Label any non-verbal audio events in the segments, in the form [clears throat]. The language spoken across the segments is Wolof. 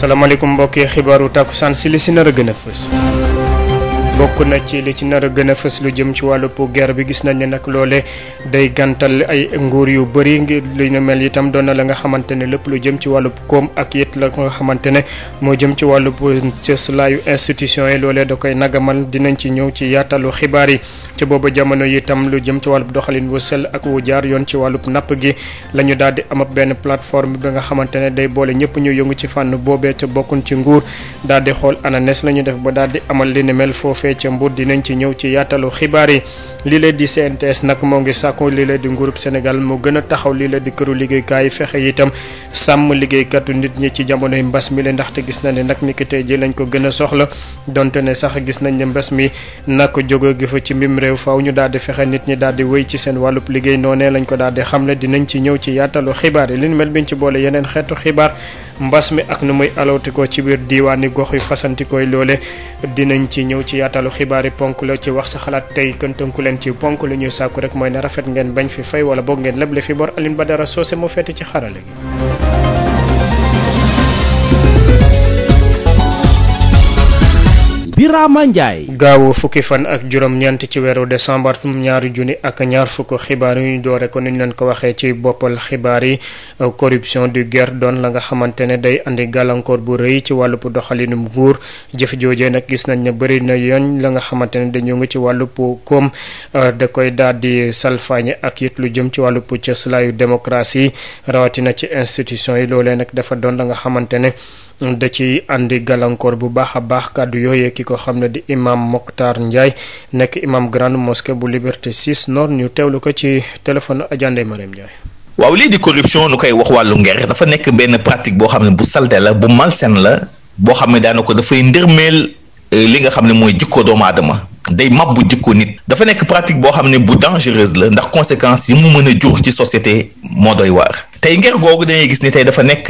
asalaamaaleykum mbokki xibaaru tàkkusaan si li si nar a gën a fës bokk na ci li ci nar a gën a fës lu jëm ci wàllu guerre bi gis nañ ne nag loole day gantal ay nguur yu bëri ngir lu ñu mel itam doon na la nga xamante ne lépp lu jëm ci wàllu koom ak yét la ko nga xamante ne moo jëm ci wàllu cëslaayu institution yi loole da koy nagamal dinañ ci ñëw ci yaatalu xibaar yi. ci boobu jamono yi itam lu jëm ci wàllub doxalin wu sell ak wu jaar yoon ci wàllub napp gi la ñu daal di am ab benn plateforme bi nga xamante ne day boole ñëpp ñu yëngu ci fànn boobee te bokkuñ ci nguur daal di xool ananes la ñu def ba daal di amal li ni mel foofee ca Mbour dinañ ci ñëw ci yaatalu xibaar yi lii lee di CNTS nag moo ngi sàkku lii lee di nguurub Sénégal moo gën a taxaw lii la di këru liggéeykaay yi fexe itam sàmm liggéeykatu nit ñi ci jamonoy mbas mi la ndaxte gis na ne nag ni ki lañ ko gën a soxla donte ne sax gis nañ mbas mi réew faaw ñu daal di fexe nit ñi daal di wéy ci seen wàllub liggéey noonee lañ ko daal di xamle dinañ ci ñëw ci yaatalu xibaar yi li ñu mel biñ ci boole yeneen xeetu xibaar mbas mi ak nu muy alawtikoo ci biir diiwaani gox yu fasantikooy loole dinañ ci ñëw ci yaatalu xibaar yi ponk la ci wax sa xalaat tey kon leen ci ponk la ñuy sàkku rek mooy ne rafet ngeen bañ fi fay wala boog ngeen leble fi bor ba dara Socé moo feete ci xarale gi Birama Ndiaye. gaawu fukki fan ak juróom-ñeent ci weeru décembre ñaari junni ak ñaar fukk xibaar yu ñu doore ko ni ñu leen ko waxee ci boppal xibaar yi corruption du gert doon la nga xamante ne day indi gàllankoor bu rëy ci wàllu wàllub doxalinum nguur jëf joojee nag gis nañ ne bëri na yoon la nga xamante ne dañoo ngi ci wàllu wàllub koom da koy daal di salfaañe ak it lu jëm ci wàllu wàllub cëslaayu démocratie rawatina ci institution yi loolee nag dafa doon la nga xamante ne. da ci andi gàllankoor bu baax a baax kàddu yooyee ki ko xam ne di imam Mokhtar Ndiaye nekk imam grande mosquée bu Liberté 6 Nord ñu teewlu ko ci téléphone ajandey Mariam Ndiaye waaw lii di corruption nu koy wax wàllu nger dafa nekk benn pratique boo xam ne bu salte la bu malsaine la boo xam ne daana ko dafay ndërmeel euh, li nga xam ne mooy jikko doomu aadama day mabbu jikko nit dafa nekk pratique boo xam ne bu dangereuse la ndax conséquence yi mu mën a jur ci société moo doy waar tey nger googu dañuy gis ni tey dafa nekk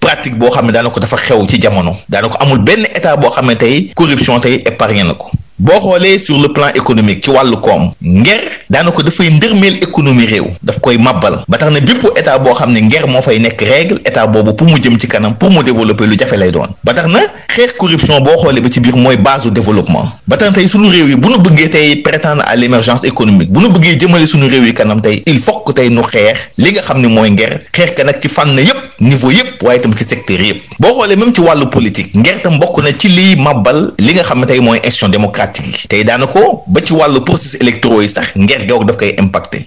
pratique boo xam ne daana ko dafa xew ci jamono daana ko amul benn état boo xam ne tey corruption tey épargne na ko boo xoolee sur le plan économique ci wàllu koom nger daanaka dafay ndërmeel économie réew daf koy màbbal ba tax na bépp état boo xam ne nger moo fay nekk règle état boobu pour mu jëm ci kanam pour mu développer lu jafe lay doon ba tax na xeex corruption boo xoolee ba ci biir mooy base du développement ba tax na tey suñu réew yi bu nu bëggee tey prétendre à l'émergence économique bu nu bëggee jëmale suñu réew yi kanam tey il faut que tey nu xeex li nga xam ne mooy nger xeex ka nag ci fànn yëpp niveau yëpp waaye itam ci secteur yëpp boo xoolee même ci wàllu politique nger tam bokk na ci liy màbbal li xam ne mooy tey daana ko ba ci wàllu processus électoraux yi sax nger googu daf koy impacté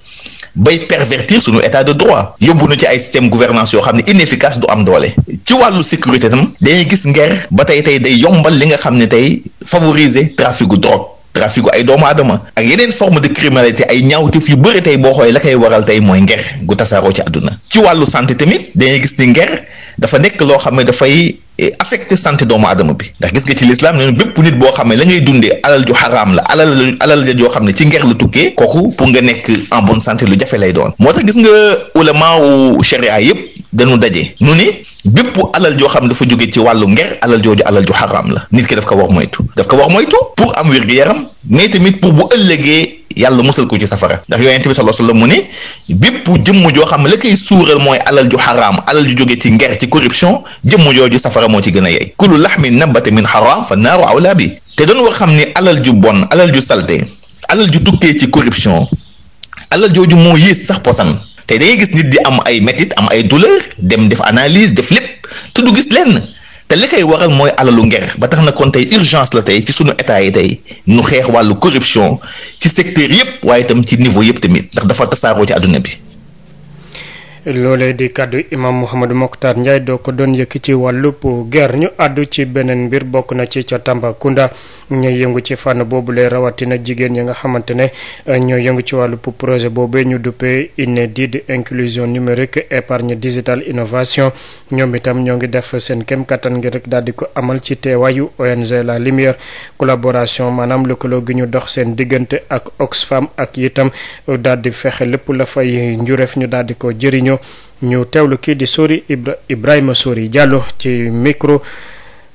bay pervertir suñu état de droit yóbbu na ci ay système gouvernance yoo xam ne inefficace du am doole ci wàllu sécurité tam dañuy gis nger ba tey tey day yombal li nga xam ne tey favoriser trafic gu drogue traficu ay doomu aadama ak yeneen forme de criminalité ay ñaawtif yu bëri tey boo xoolee la koy waral tey mooy nger gu tasaaroo ci àdduna ci wàllu santé tamit dañuy gis ni nger dafa nekk loo xam ne dafay eh, affecté santé doomu aadama bi ndax gis nga ci lislaam neen bépp nit boo xam ne la ngay dundee alal ju xaraam la alal alal joo xam ne ci nger la tukkee kooku pour nga nekk en bonne santé lu jafe lay doon moo tax gis nga ulama wu sharia yépp dañu daje nu ni bépp alal joo xam ne dafa jóge ci wàllu nger alal jooju alal ju xaraam la nit ki daf ko war moytu daf ko war moytu pour am wér-gu-yaram mais tamit pour bu ëllëgee yàlla musal ko ci safara ndax yonent bi sallallahu alayhi wasallam mu ne bépp jëmm joo xam ne la koy mooy alal ju xaraam alal jóge ci nger ci corruption jëmm jooju safara moo ci gën a yey kullu laxmin nabata min xaraam fa naaru awla bi te doon war xam ne alal bon alal ju salte alal ju tukkee ci corruption alal jooju moo yées sax posan tey dangay gis nit di am ay métit am ay douleur dem def analyse def lépp te du gis lenn te li koy waral mooy alalu nger ba tax na kon tey urgence la tey ci suñu état yi tey nu xeex wàllu corruption ci secteur yëpp waaye itam ci niveau yëpp tamit ndax dafa tasaaroo ci àdduna bi. loolee di kàddu imam Mouhamadou Mokhtar Ndiaye doo ko doon yëkk ci wàllub ger ñu àddu ci beneen mbir bokk na ci ca Tambacounda ñooy yëngu ci fànn boobu lay rawatina jigéen ñi nga xamante ne euh, ñooy yëngu ci wàllub projet boobee ñu duppee INEDI di inclusion numérique épargne digitale innovation ñoom itam ñoo ngi def seen kem kattan ngir rek daal di ko amal ci teewaayu ONG La Lumière collaboration maanaam lëkkaloo gi ñu dox seen diggante ak Oxfam ak itam daal di fexe lépp la fay ñu daal di ko jëriñoo ñu ñu teewlu kii di Sori Ibrahima Sori Diallo ci micro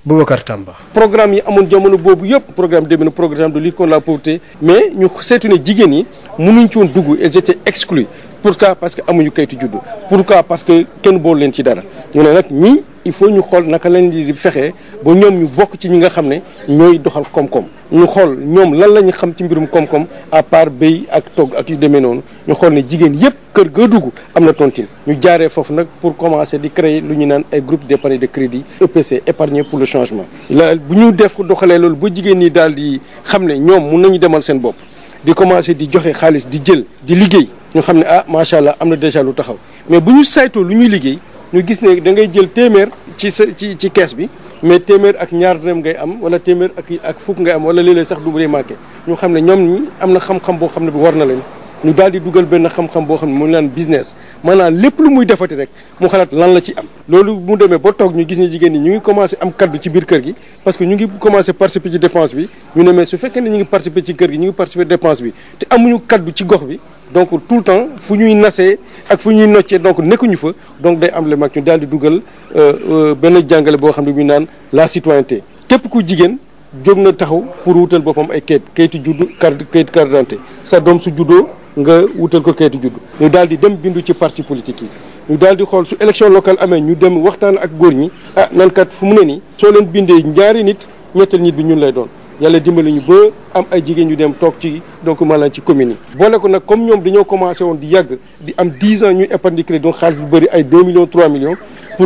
Boubacar Tamba. programme yi amoon jamono boobu yëpp programme demee na programme de lutte contre la pauvreté. mais ñu seetu ne jigéen yi mënuñ ci woon dugg et j'étais exclu pourquoi parce que amuñu kayitu juddu pourquoi parce que kenn boolu leen ci dara ñu ne nag ñii il faut ñu xool naka lañ di fexee ba ñoom ñu bokk ci ñi nga xam ne ñooy doxal koom-koom ñu xool ñoom lan la ñu xam ci mbirum koom-koom à part béy ak togg ak ñu demee noonu ñu xool ne jigéen yëpp kër ga dugg am na tontine ñu jaare foofu nag pour commencer di créer lu ñu naan ay groupe d'épargne de crédit EPC épargne pour le changement la bu ñu def doxalee loolu ba jigéen ñi daal di xam ne ñoom mun nañu demal seen bopp di commencer di joxe xaalis di jël di liggéey ñu xam ne ah macha allah am na déjà lu taxaw mais bu ñu saytoo lu ñuy liggéey ñu gis ne da ngay jël téeméer ci sa ci ci kees bi mais téeméer ak ñaar dërëm ngay am wala téeméer ak ak fukk ngay am wala léeg-léeg sax du day manqué ñu na xam-xam boo xam ne bi war na leen di dugal benn xam-xam boo xam ne mu naan business maanaam lépp lu muy defati rek mu xalaat lan la ci am loolu demee ba toog ñu gis ne jigéen ñi ñu ngi commencé am kaddu ci biir kër gi parce que ñu ngi commencé participer ci dépense bi ñu ne mais su fekkee ne ñu ngi participer ci kër gi ñu ngi participer dépense bi te amuñu kaddu ci gox bi donc tout le temps fu ñuy nasee ak fu ñuy noccee donc nekkuñu fa donc day am le mag ñu daal di dugal euh, euh, benn jàngale boo xam ne bu ñu naan la citoyenneté képp ku jigéen jóg na taxaw pour wutal boppam ay kayit kayitu juddu carte kayit carte d'identité sa doom su juddoo nga wutal ko kayitu juddu ñu daal di dem bindu ci parti politique yi ñu daal di xool su élection locale amee ñu dem waxtaan ak góor ñi ah nan kat fu mu ne nii soo leen bindee ñaari nit ñettal nit bi ñun lay doon yàlla dimbali ñu ba am ay jigéen ñu dem toog ci donc maanaam ci commune yi. boole ko nag comme ñoom dañoo commencé woon di yàgg di am 10 ans ñuy épargne crédit donc xaalis bu bëri ay 2 millions 3 millions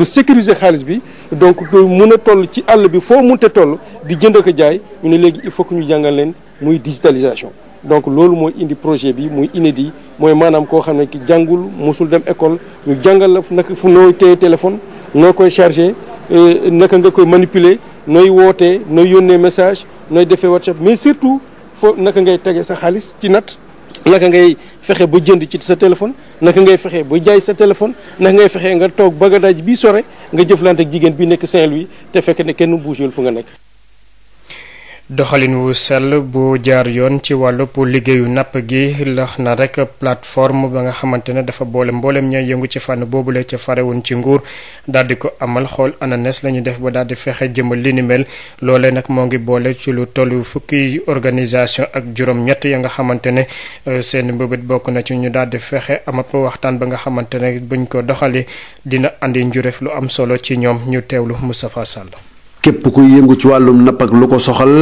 sécuriser xaalis bi donc mun a toll ci àll bi foo mun mënte toll di jënd ko jaay ñu ne léegi il faut que ñu jàngal leen muy digitalisation. donc loolu mooy indi projet bi muy inédit mooy maanaam koo xam ne ki jàngul mosul dem école ñu jàngal la fu naka fu nooy téye téléphone noo koy chargé euh, naka nga koy manipuler. nooy wootee nooy yónnee message nooy defee whatsapp mais surtout foo naka ngay tege sa xaalis ci nat naka ngay fexe ba jënd ci sa téléphone naka ngay fexe ba jaay sa téléphone naka ngay fexe nga toog bagadaaj bi sore nga jëflante jigéen bi nekk Saint-Louis te fekk ne kenn bougéwul fu nga nekk doxalin wu sell bu jaar yoon ci wàllub liggéeyu napp gi lax na rek plateforme ba nga xamante ne dafa boole mbooleem ña yëngu ci fànn boobule ca farewun ci nguur daal di ko amal xool ananes la ñu def ba daal di fexe jëmal li ni mel loolee nag moo ngi boole ci lu tollu fukki organisation ak juróom-ñett ya nga xamante ne euh, seen mbëbët bokk na ci ñu daal di fexe amab waxtaan ba nga xamante ne buñ ko doxalee dina indi njureef lu am solo ci ñoom ñu teewlu Moustapha Sall. képp ku yëngu ci wàllum napp ak lu ko soxal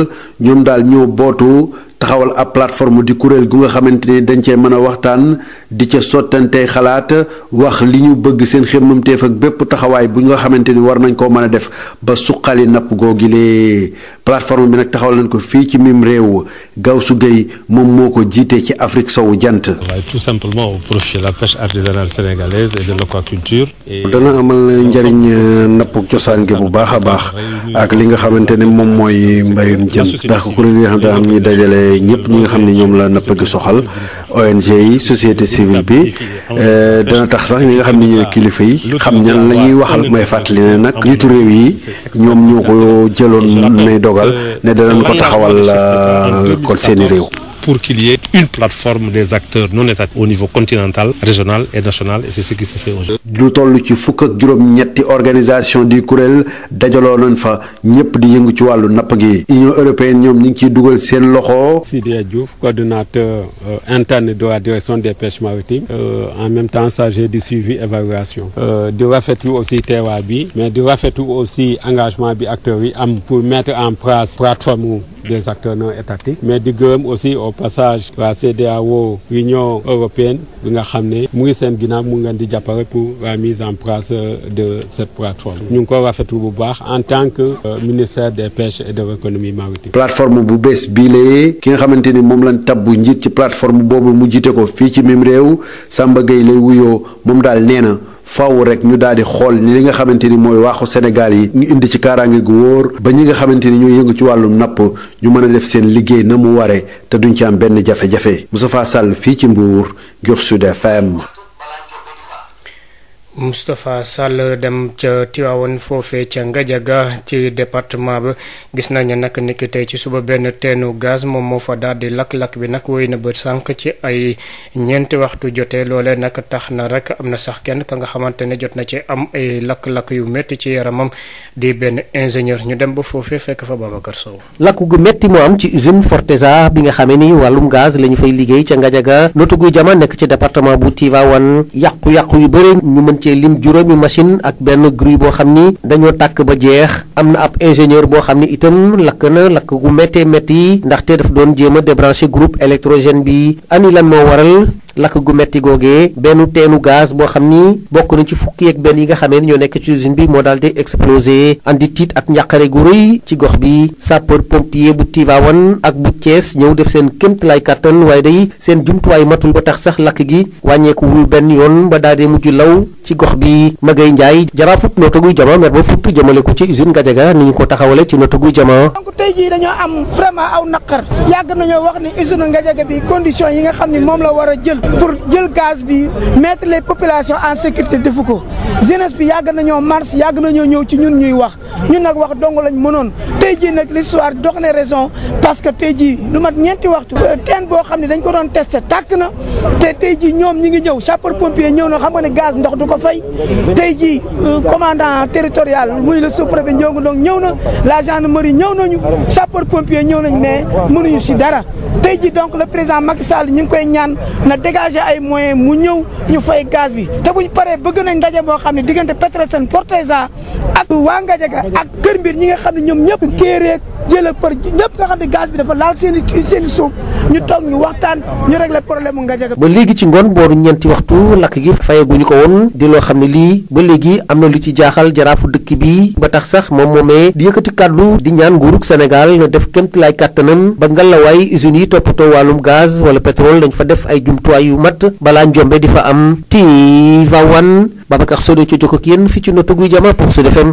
ñoom daal ñoo bootu taxawal ab plateforme di kuréel gu nga xamante ni dañ cee mën a waxtaan di ca sottantey xalaat wax li ñu bëgg seen xemmamteef ak bépp taxawaay bu nga xamante ni war nañ koo mën a def ba suqali napp googilee plateforme bi nag taxawal nañ ko fii ci miim réew gaaw su géey moom moo ko jiite ci Afrique sowu jant. waaye tout simplement au profit la pêche artisanale sénégalaise et de l'aquaculture. dana amal euh, cosaan gi bu baax a baax ak li nga xamante ne moom mooy mbayum jën ndax kuréel yi ñu dajale. waaye ñëpp ñi nga xam ne ñoom la na gi soxal ONG yi société civile bi euh, dana tax sax ñi nga xam ne ñooy kilifa yi xam ñan la ñuy waxal may fàttali ne nag njiitu réew yi ñoom ñoo ko jëloon nay dogal ne danañ ko taxawal euh, kon seeni réew. pour qu'il y ait une plateforme des acteurs non étatiques au niveau continental régional et national et c'est ce qui se fait aujourd'hui. lu toll ci fukk ak juróom-ñetti organisation di kuréel dajaloo nañ fa ñëpp di yëngu ci wàllu napp gi Union européenne ñoom ñu ngi ciy dugal seen loxo. si Sidya Diouf coordonnateur euh, interne de la direction des pêches maritimes euh, en même temps chargé du suivi évaluation. Euh, di rafet rafetlu aussi teewaay bi mais di rafetlu aussi engagement bi acteurs yi am pour mettre en place plateforme passage waa CEDEAO Union européenne bi nga xam ne mu ngi seen ginnaaw mu ngi leen di jàppale pour la mise en place de cette plateforme ñu ngi ko rafetlu bu baax en tant que euh, ministère des pêches et de l'économie maritime. plateforme bu bees bii la ki nga xamante ni moom lañ bu njiit ci plateforme boobu mu jiite ko fii ci mim réew Samba Gueye lay wuyoo moom daal nee na faaw rek ñu daal di xool li nga xamante ni mooy waxu Sénégal yi ñu indi ci kaaraange gu wóor ba ñi nga xamante ni ñooy yëngu ci wàllu napp ñu mën a def seen liggéey na mu waree te duñ ci am benn jafe-jafe Moustapha Sall fii ci Mbour ngir Sud ma Moustapha Sall dem ca Tivaouane foofee ca Ngadiaga ci département ba gis nañ nag niki tey ci suba benn teenu gaz moom moo fa daal di lakk-lakk bi nag wéy na ba sànq ci ay ñeenti waxtu jotee loole nag tax na rek am na sax kenn ka nga xamante ne jot na ci am ay lakk-lakk yu metti ci yaramam di benn ingénieur ñu dem ba foofee fekk fa Babacar Sow. lakku gu métti moo am ci usine Fortesa bi nga xamee ni wàllum gaz la ñu fay liggéey ca Ngadiaga notu guy jama bu Tivaouane yàqu-yàqu ce lim juróomi machine ak benn grue boo xam ni dañoo tàkk ba jeex am na ab ingénieur boo xam ni itam lakk na lakk gu méttee yi ndaxte daf doon jéem a débrancher groupe électrogène bi ani lan moo waral lakk gu metti googee benn teenu gaz boo xam ni bokk na ci fukki ak benn yi nga xamee ni ñoo nekk ci usine bi moo daal di explosé andi tiit ak njàqare gu rëy ci gox bi sapeur pompier bu Tivaouane ak bu Thiès ñëw def seen kéemtalaay kàttan waaye day seen jumtuwaay matul ba tax sax lakk gi wàññeekuwul benn yoon ba daal di mujj law ci gox bi Magay Njaay jaraa fut noo taguy jama mer ba futt jëmale ko ci usine Gadiaga ni ñu ko taxawale ci noo taguy jama donc tey jii dañoo am vraiment aw naqar yàgg nañoo wax ni usine Gadiaga bi yi nga xam ni moom la war a jël pour jël gaz bi mettre le populations en sécurité defu ko jeunesse bi yàgg nañoo marche yàgg ñoo ñëw ci ñun ñuy wax ñun nag wax dong lañ mënoon tey jii nag l'histoire dox na raison parce que tey jii lu mat ñeenti waxtu euh, teen boo xam ne dañ ko doon testé tàkk na te tey jii ñoom ñi ngi ñëw sapeur pompier ñëw na xam nga ne gaz ndox du ko fay tey jii euh, commandant territorial muy le sous-préfet Ndiongo Ndong ñëw na la gendarmerie ñëw nañu sapeur pompier ñëw nañ mais mënuñu si dara tey jii donc le président Macky Sall ñu ngi koy ñaan dégager ay moyens mu ñëw ñu fay gaz bi te buñ paree bëgg nañ ndaje boo xam ne diggante Petrosen Forteza ak waa Ngadiaga ak Kër Mbir ñi nga xam ne ñoom ñëpp kéeréeg jëla për ñëpp nga xam ne gaz bi dafa laal seen i seen i suuf ñu toog ñu waxtaan ñu régler problème mu ba léegi ci ngoon booru ñeenti waxtu lakk gi fayeguñu ko woon di loo xam ne lii ba léegi am na lu ci jaaxal jaraafu dëkk bi ba tax sax moom moomee di yëkkati kàddu di ñaan nguurug Sénégal na def kémt ba ngalawaay yi toppatoo wàllum gaz wala pétrole fa def ay jumtuwaay jumtukaay yu mat balaa njombe di fa am Tivaouane Babacar Sodo ci jokk ak yéen fi ci nottu guy jama pour Sud FM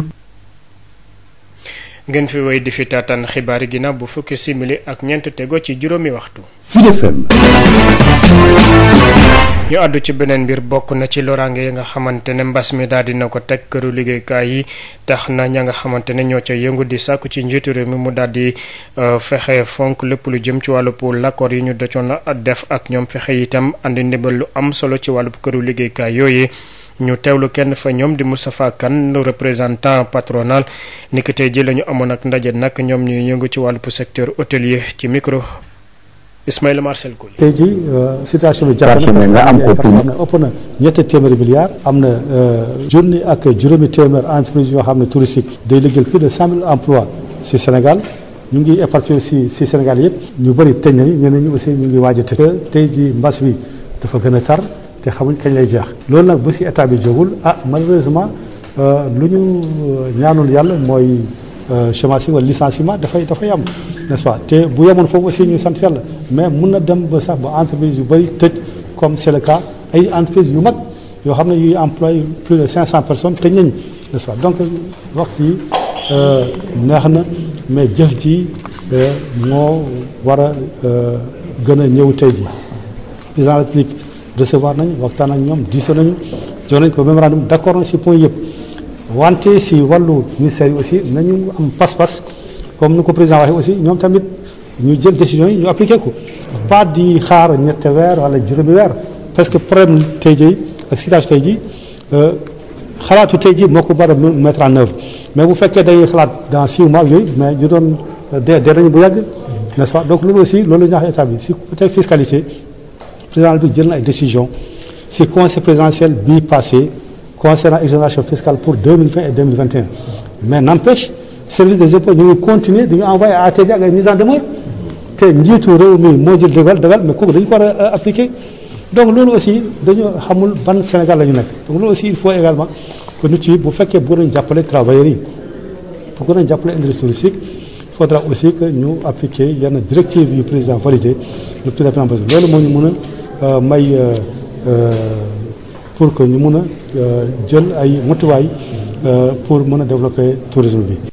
ngeen fi way di fi taataan xibaar yi ginnaaw bu fukki simili ak ñeent tego ci juróomi waxtu. Sud ñu àddu ci beneen mbir bokk na ci loraange yi nga xamante ne mbas mi daal na ko teg këru liggéeykaay yi tax na ña nga xamante ne ñoo ca yëngu di sàkku ci njiitu réew mi mu daal di euh, fexe fonk lépp lu jëm ci wàllu pour l'accord yi ñu docoon def ak ñoom fexe itam andi ndimbal lu am solo ci wàllu këru liggéeykaay yooyu. ñu teewlu kenn fa ñoom di Moustapha Kane représentant patronal ni ko tey ji la ñu amoon ak ndaje nag ñoom ñuy yëngu ci wàllu secteur hôtelier ci micro Ismaïla Marcel Coly. tey jii euh, situation bi jàpp na nga am ko xam ne ëpp na ñetti am na euh, junni ak juróomi téeméer entreprise yoo xam ne touristique day liggéeyal plus de cent mille emplois si Sénégal. ñu ngi éparpillé si si Sénégal yëpp ñu bëri tëj nañu aussi ñu ngi waaj te tëj. tey jii mbas bi dafa gën a tar. te xamuñ kañ lay jeex loolu nag bu si état bi jógul ah malheureusement euh, lu ñu euh, ñaanul yàlla mooy euh, chômage wala licenciement dafay dafay am n'est-ce pas te bu yemoon foofu si ñu sant la mais mun na dem ba sax ba entreprise yu bëri tëj comme c'est le ay entreprise yu mag yoo xam ne yuy employé plus de 500 personnes tëj nañ n'est-ce pas donc waxtu yi neex na mais jëf ji moo war a gën a ñëw tey ji président de la recevoir nañu waxtaan ak ñoom diisoo nañu jox nañ ko mémorandum d' accord na si point yëpp wante si wàllu ministère yi aussi nañu am pas-pas comme nu ko président waxee aussi ñoom tamit ñu jël décision yi ñu appliqué ko pas di xaar ñetti weer wala juróomi weer parce que problème tey jii ak situation tey jii euh, xalaatu tey jii moo ko war a mettre en œuvre mais bu fekkee day xalaat dans six mois yooyu mais ñu doon euh, dee dee nañu bu yàgg n'est-ce pas donc loolu aussi loolu la président bi jël na ay décision si conseil présidentiel bii passé concernant exonération fiscale pour 2020 et 2021 mais n'empêche service des impôts ñu ngi continuer di ñu envoyé à ATD ak ay mise te njiitu réew mi moo jël dogal dogal mais kooku dañu ko war a euh, appliquer donc loolu aussi dañu xamul ban Sénégal la ñu nekk donc loolu aussi il faut également que nit yi bu fekkee bëgg nañ jàppale travailleurs yi bëgg nañ jàppale industrie touristique il aussi que ñu appliquer yenn directive yu président validé le plus ñu mën a Euh, may euh, euh, pour que ñu mun a jël ay motuwaay pour mën a développer tourisme bi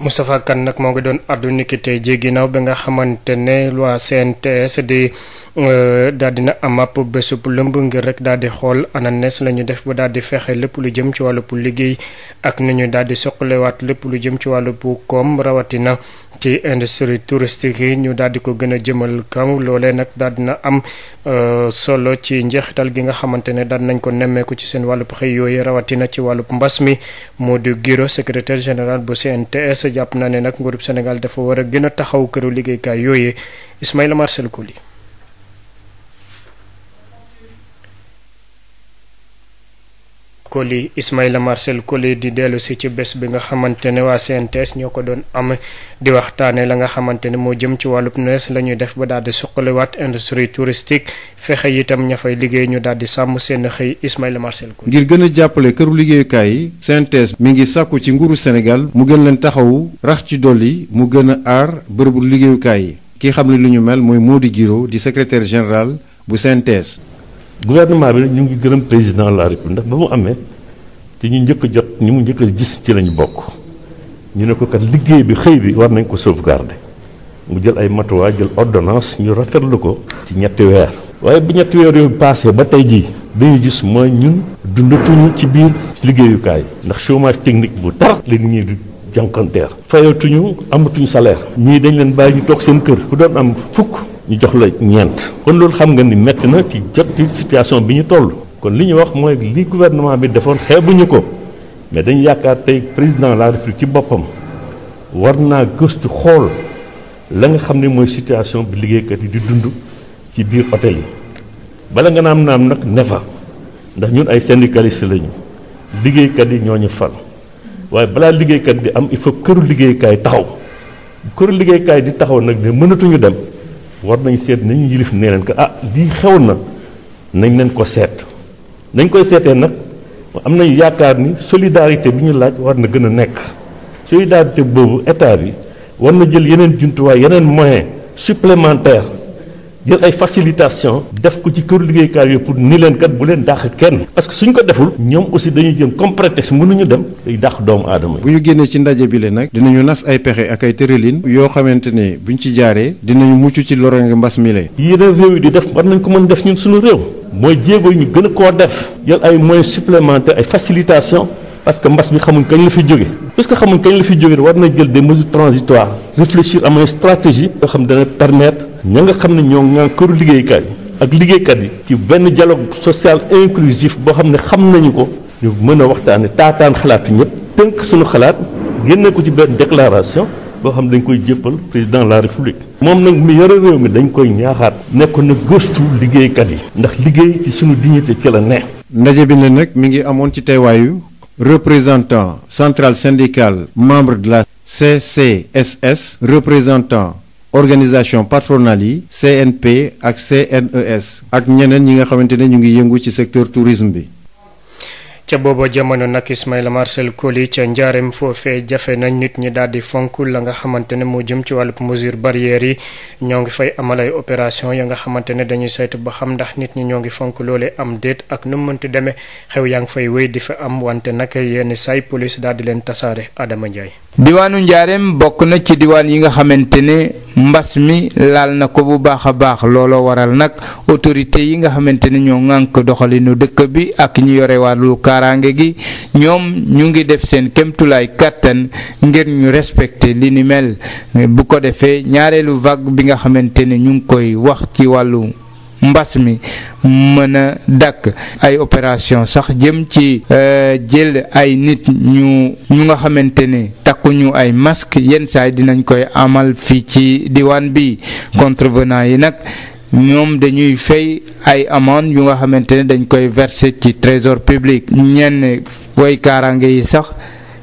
Moustapha kan nag moo ngi doon addu niki tey jii ginnaaw bi nga xamante ne waa CNTS di euh, daal dina am ab bésub lëmb ngir rek daal di xool ananes la ñu def ba daal di fexe lépp lu jëm ci wàllu liggéey ak ni ñu daal di soqalewaat lépp lu jëm ci wàllu koom rawatina ci industrie touristique yi ñu daal di ko gën a jëmal kaw loolee nag daal na am euh, solo ci njeexital gi nga xamante ne daal nañ ko nemmeeku ci seen wàllub xëy yooyu rawatina ci wàllub mbas mi moo di Guiro secrétaire général bu CNTS jàpp naa ne nag nguurub Sénégal dafa war a gën a taxaw këru liggéeykaay yooyee Ismaïla Marcel Coly Koli Ismaïla Marcel Koli di dellusi ci bés bi nga xamante ne waa CNTS ñoo ko doon am di waxtaane la nga xamante ne moo jëm ci wàllu nees la ñuy def ba daal di suqaliwaat industrie touristique fexe itam ña fay liggéey ñu daal di sàmm seen xëy Ismaïla Marcel Koli. ngir gën a jàppale këru liggéeyukaay yi CNTS mi ngi sàkku ci nguuru Sénégal mu gën leen taxawu rax ci dolli mu gën a aar bërëbu liggéeyukaay yi. ki xam ne lu ñu mel mooy Mody Guiro di secrétaire général bu CNTS. gouvernement bi nag ñu ngi gërëm président de la république ndax ba mu amee te ñu njëkk a jot ñu mu njëkk gis ci lañu bokk ñu ne ko kat liggéey bi xëy bi war nañ ko sauvegarder mu jël ay matuwaay jël ordonnance ñu rafetlu ko ci ñetti weer. waaye bu ñetti weer yooyu passé ba tey jii dañuy gis mooy ñun dundatuñu ci biir liggéeyukaay ndax chômage technique bu tar la nit ñi du jànkonteer fayatuñu amatuñu salaire. ñii dañ leen bàyyi ñu toog seen kër ku doon am fukk. ñu jox la ñeent. kon loolu xam nga ni métti na ci jot ci situation bi ñu toll. kon li ñu wax mooy li gouvernement bi defoon xeebuñu ko mais dañu yaakaar tey président de la République ci boppam war naa gëstu xool la nga xam ne mooy situation bi liggéeykat yi di dund ci biir hôtel yi bala nga naam naam nag ne fa ndax ñun ay syndicaliste lañu liggéeykat yi ñoo ñu fal waaye balaa liggéeykat di am il faut këru liggéeykaay taxaw këru liggéeykaay di taxaw nag ne mënatuñu dem. war nañ seet nañu yilif nee leen que ah lii xew na nañ leen ko seet nañ koy seetee nag am nañ yaakaar ni solidarité bi ñu laaj war na gën a nekk solidarité boobu état bi war na jël yeneen jumtuwaay yeneen moyen supplémentaire jël ay facilitation def ko ci këru liggéeykaay yooyu pour ni leen kat bu leen dàq kenn parce que suñ ko deful ñoom aussi dañuy jëm comme prétexte mënuñu dem day dàq doomu aadama yi bu ñu génnee ci ndaje bi le nag dinañu nas ay pexe ak ay tëralin yoo xamante ne bu ñu ci jaaree dinañu mucc ci lorange mbas mi le yeneen réew yi di def war nañ ko mën def ñun suñu réew mooy jéego ñu gën a koo def jël ay moyens supplémentaires ay facilitation parce que mbas bi xamuñ kañ la fi jóge puisque xamuñ kañ la fi jóge war na jël des mesures transitoires réfléchir am ay stratégie yoo xam dana permettre ña nga xam ne ñoo ngaan këru liggéeykaay ak liggéeykat yi ci benn dialogue social inclusif boo xam ne xam nañu ko ñu mën a waxtaan waxtaane taataan xalaatu ñëpp tënk suñu xalaat génne ko ci benn déclaration boo xam dañ koy jëppal président la république moom nag mi yore réew mi dañ koy ñaaxaat nekk na gëstu liggéeykat yi ndax liggéey ci suñu dignité ci ne ndaje bi ne nag mi ngi amoon ci teewaayu représentant central syndical membre de la CCSS représentant organisation patronale yi CNP ak CNES ak ñeneen ñi nga xamante ne ñu ngi yëngu ci secteur tourisme bi ca booba jamono nag Ismaïla Marcel Coly ca njaareem foofee jafe nañ nit ñi daal di fonk la nga xamante ne moo jëm ci wàllub mesure barrière yi ñoo ngi fay amal ay opération ya nga xamante ne dañuy saytu ba xam ndax nit ñi ñoo ngi fonk loolee am déet ak nu mënti demee xew yaa ngi fay wéy di fa am wante nag yenn say police daal di leen tasaare Adama Ndiaye. diwaanu njaareem bokk na ci diwaan yi nga xamante mbas mi laal na ko bu baax a baax looloo waral nag autorité yi nga xamante ni ñoo ŋànk doxalinu dëkk bi ak ñi yore wàllu kaaraange gi ñoom ñu ngi def seen kemtulaay kàttan ngir ñu respecter li ni mel bu ko defee ñaareelu vague bi nga xamante ni ñu ngi koy wax ci wàllu mbas mi mën a dàkk ay opération sax jëm ci euh, jël ay nit ñu ñu nga xamante ne takkuñu ay masque yenn saay dinañ koy amal fii ci diwaan bi contrevenant yi nag ñoom dañuy fay ay amende yu nga xamante ne dañ koy verser ci trésor public ñenn way kaaraange yi sax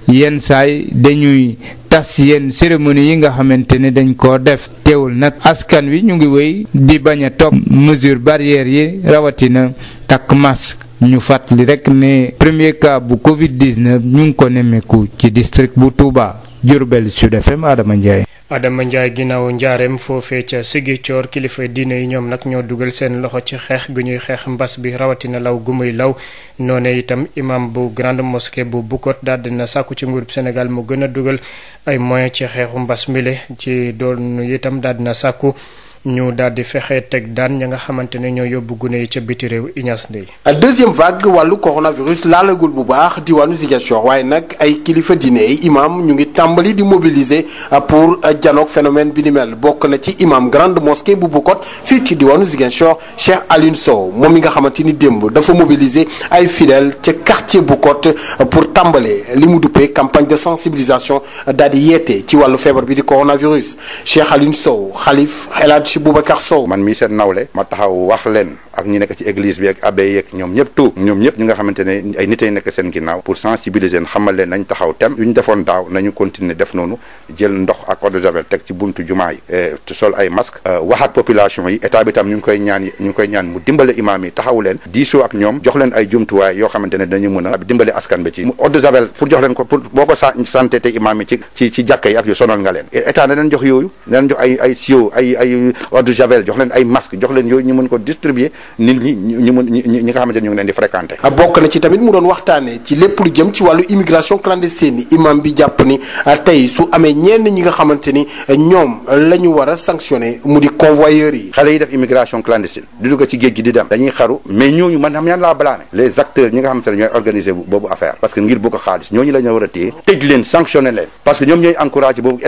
yenn saay dañuy tas yenn cérémonie yi nga xamante ne dañ koo def teewul nag askan wi ñu ngi wéy di bañ a topp mesure barrière yi rawatina takk masque ñu fàttali rekk ne premier cas bu Covid 19 ñu ngi ko nemmeeku ci district bu Touba. Diourbel Sud FM Adama Ndiaye. Adama Ndiaye ginnaaw njaareem foofee ca Sigicoor kilifa diine yi ñoom nag ñoo dugal seen loxo ci xeex gu ñuy xeex mbas bi rawatina law gu muy law noonee itam imam bu grande mosquée bu Bukot daal na sàkku ci nguurub Sénégal mu gën a dugal ay moyens ci xeexu mbas mile ci doon itam daal dina sàkku. ñu daal di fexe teg daan ña nga xamante ne ñoo yóbbu gune yi ca biti réew Ignace Ndeye. deuxième vague wàllu coronavirus laalagul bu baax diwaanu Ziguinchor waaye nag ay kilifa diine yi imam ñu ngi tàmbali di mobiliser pour janoog phénomène bi ni mel bokk na ci imam grande mosquée bu Bukot fii ci diwaanu Ziguinchor Cheikh Alioune Sow moom yi nga xamante ni démb dafa mobiliser ay fidèles ca quartier Bukot pour tàmbale li mu duppee campagne de sensibilisation daal di yeete ci wàllu feebar bi di coronavirus Cheikh Alioune Sow Hadj Boubacar Sow man mii seen nawle ma taxaw wax leen ak ñi nekk ci église bi ak abbé ñoom ñëpp tout ñoom ñëpp ñi nga xamante ne ay nit ay nekk seen ginnaaw pour sensibiliser xamal leen nañ taxaw tem ñu defoon daaw nañu continuer def noonu jël ndox ak eau de javel teg ci buntu jumaa yi eh, sol ay masque eh, waxaat population yi état bi tam ñu ngi koy ñaan ñu ngi koy ñaan mu dimbale imaam yi leen diisoo ak ñoom jox leen ay jumtuwaay yoo xamante ne dañu mën a dimbale askan bi ci eau de javel leen ko pour boo ko sa santé te imaam ay eau de javel jox leen ay masque jox ñu mën ko distribuer ñu mën ñi nga xamante ne ñu ngi leen di fréquenté ah, mu doon waxtaane ci lépp ah, ñi nga xamante eh, ñoom la ñu war a sanctionné mu di convoyeurs yi xale yi def immigration clandestine di dugg ci géej gi di dem dañuy xaru mais ñooñu man xam yan laa balaame les acteurs ñi nga xamante ñooy organiser boobu affaire parce que ngir bu xaalis ñooñu ñu war a téye tëj leen sanctionné leen parce que ñoom ñooy encouragé boobu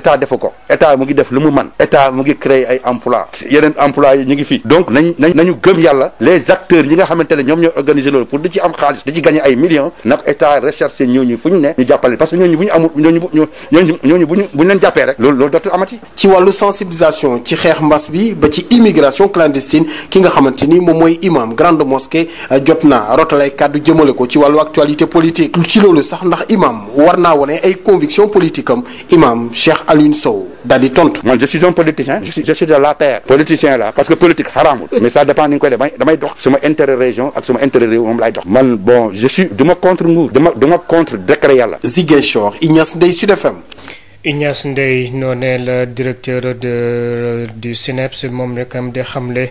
emploi yeneen emploi yi ñu ngi fii donc nañu gëm yàlla les acteurs ñi nga xamante ne ñoom ñooy organiser loolu pour di ci am xaalis di ci gagner ay millions nag état recherché ñooñu fu ñu ne ñu jàppale parce que ñooñu bu ñu amul jàppee rek loolu loolu amati ci wàllu sensibilisation ci xeex mbas bi ba ci immigration clandestine ki nga xamante ni moom mooy imam grande mosquée euh, jot na rotalay kàddu jëmale ko ci wàllu actualité politique ci loolu sax ndax imam war naa wone ay conviction politique clair politicien la parce que politique xaraamul [laughs] mais ça dépend ni nga koy def damay dox suma intérêt région ak suma intérêt réew moom laay dox man bon je suis du ma contre nguur dama du ma contre décret yàlla Ziguinchor Ignace Ndeye Sud FM Ignace Ndeye noonee la directeur de du SNEIPS moom rek am di xamle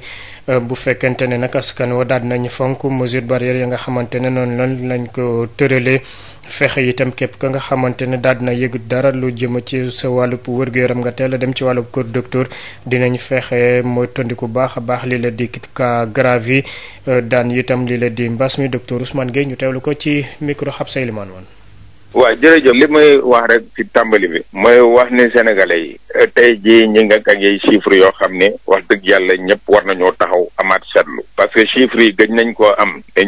euh, bu fekkente ne nag askan wa daal nañu fonk mesure barrière yi nga xamante ne noonu lan lañ ko tëralee fexe itam képp ka nga xamante ne daal dina yëgut dara lu jëm ci sa wàllub wërgu-yaram nga teel a dem ci wàllub kër docteur dinañ fexe mooy tondiku baax a baax lii la di cas grave yi euh, daan itam li la di mbas mi docteur Ousmane Gueye ñu teewlu ko ci micro xab say limaan woon waaw jërëjëf li may wax rek ci tàmbali bi mooy wax ni sénégalais yi euh, tey jii ñi nga ak ay chiffres yoo xam ne wax dëgg yàlla ñëpp war nañoo taxaw amaat seetlu parce que chiffres yi gëj nañ koo am te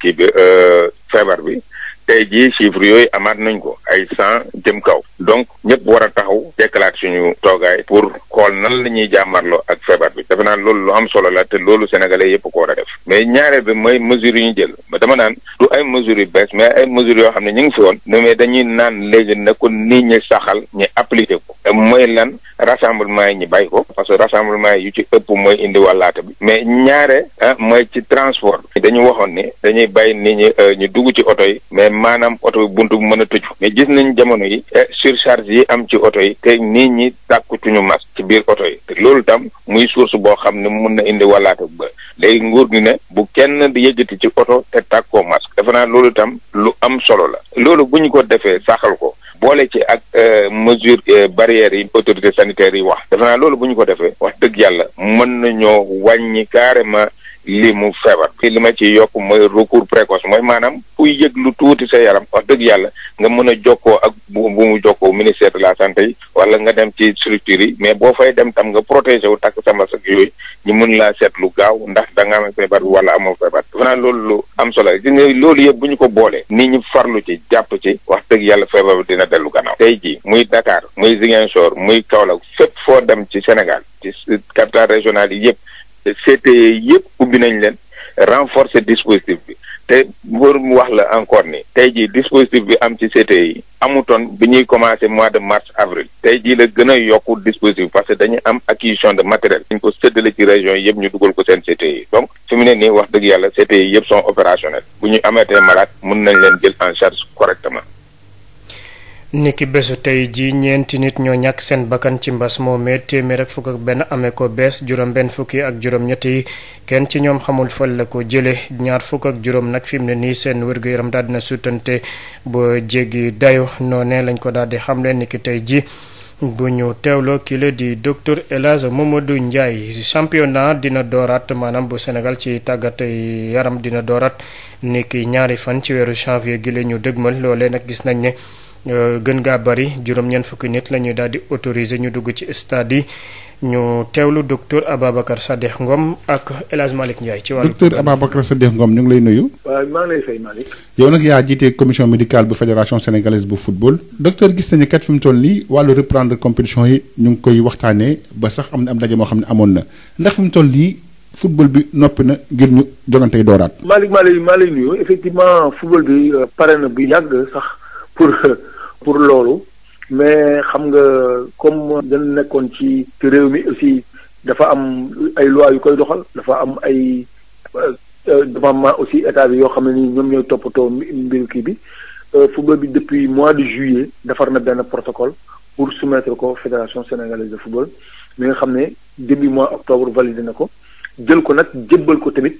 kii bi euh, feebar bi tey jii chiffres yooyu amaat nañ ko ay sans jëm kaw donc ñëpp war a taxaw dekkalaat suñu toogaay pour xool nan la ñuy jàmmarloo ak feebar bi defe naa loolu lu am solo la te loolu sénégalais yëpp ko war a def mais ñaareel bi mooy mesures yi ñu jël ma dama naan du ay mesures yu bees mais ay mesures yoo xam ne ñu ngi fi woon mais dañuy naan léegi na ko nit ñi saxal ñu appliqué ko may lan rassemblement yi ñu bàyyi ko parce que rassemblement yu ci ëpp mooy indi wàllaata bi mais ñaare ah mooy ci transport dañu waxoon ni dañuy bàyyi nit ñi euh, ñu dugg ci oto yi maanaam oto buntu bu mën a tëju mais gis nañ jamono yi eh, surcharge yi am ci oto yi te nit ñi tàkkutuñu masque ci biir oto yi te loolu tam muy source boo xam ne mun na indi wàllaate ba léegi nguur gi ne bu kenn di yëkkati ci oto te tàkkoo masque defe naa loolu tam lu am solo la loolu bu ñu ko defee saxal ko boole ci ak eh, mesure eh, barrières yi autorité sanitaire yi wax defe naa loolu bu ñu ko defee wax dëgg yàlla mën nañoo wàññi carrément lii mu feebar fii li ma ci yokk mooy recours précoce mooy maanaam kuy yëg lu tuuti sa yaram wax dëgg yàlla nga mën a jokkoo ak bu bu mu jokkoo ministère de la santé yi wala nga dem ci structure yi mais boo fay dem tam nga protégé wu takk sa masque yooyu ñu mën laa seet lu gaaw ndax da nga am feebar bi wala amoo feebar dafa naa loolu lu am solo la loolu yëpp bu ñu ko boolee ni ñu farlu ci jàpp ci wax dëgg yàlla feebar bi dina dellu gannaaw tey jii muy Dakar muy Ziguinchor muy Kaolack fépp foo dem ci Sénégal ci capital régional yi yëpp CPE yëpp ubbi nañ leen renforcer dispositif bi te pour mu wax la encore ni tey ji dispositif bi am ci CTE yi amutoon bi ñuy commencé mois de mars avril tey jii la gën a yokku dispositif parce que dañu am acquisition de matériel dañ ko séddale ci région yi yëpp ñu dugal ko seen CTE yi donc fi mu nii wax dëgg yàlla CTE yi yëpp sont opérationnels bu ñu amatee malade mën nañ leen jël en charge correctement niki bésu tey ji ñeenti nit ñoo ñàkk seen bakkan ci mbas moomee téeméer ak fukk ak benn amee ko bees juróom benn fukki ak juróom ñett yi kenn ci ñoom xamul fan la ko jële ñaar fukk ak juróom nag fi mu ne nii seen wér-gu-yaram daal dina suutante ba jéggi dayo noonee lañ ko daal di xamle niki tey ji bu ñu teewloo kii la di docteur El Hadj Mamadou Ndiaye championnat dina dooraat maanaam bu Sénégal ci tàggat yaram dina dooraat niki ñaari fan ci weeru janvier gi la ñu dëgmal loolee nag gis nañ ne. Euh, gën gaa bari juróom-ñeent fukki nit la ñuy daal di autorisé ñu dugg ci stade yi ñu teewlu docteur Ababacar Sadekh Ngom ak El Hadj Malick Ndiaye ci wàllu. docteur Ababacar Sadekh Ngom ñu ngi lay nuyu. yow nag yaa jiite commission médicale bu fédération sénégalaise bu football. docteur gis nañu kat fi toll nii wàllu reprendre compétition yi ñu ngi koy waxtaanee ba sax am na am ndaje moo xam ne amoon na ndax fi mu toll nii. football bi noppi na ngir ñu jogante dooraat. Malick maa lay pour loolu mais xam nga comme dañu nekkoon ci réew mi aussi dafa am ay loi yu koy doxal dafa am ay euh, département aussi état bi yoo xam ne nii ñoom ñooy toppatoo mbiru kii bi euh, football bi depuis mois de juillet defar na benn protocole pour soumettre ko fédération sénégalaise de football mi nga xam ne début mois octobre validé na ko jël ko nag jëbbal ko tamit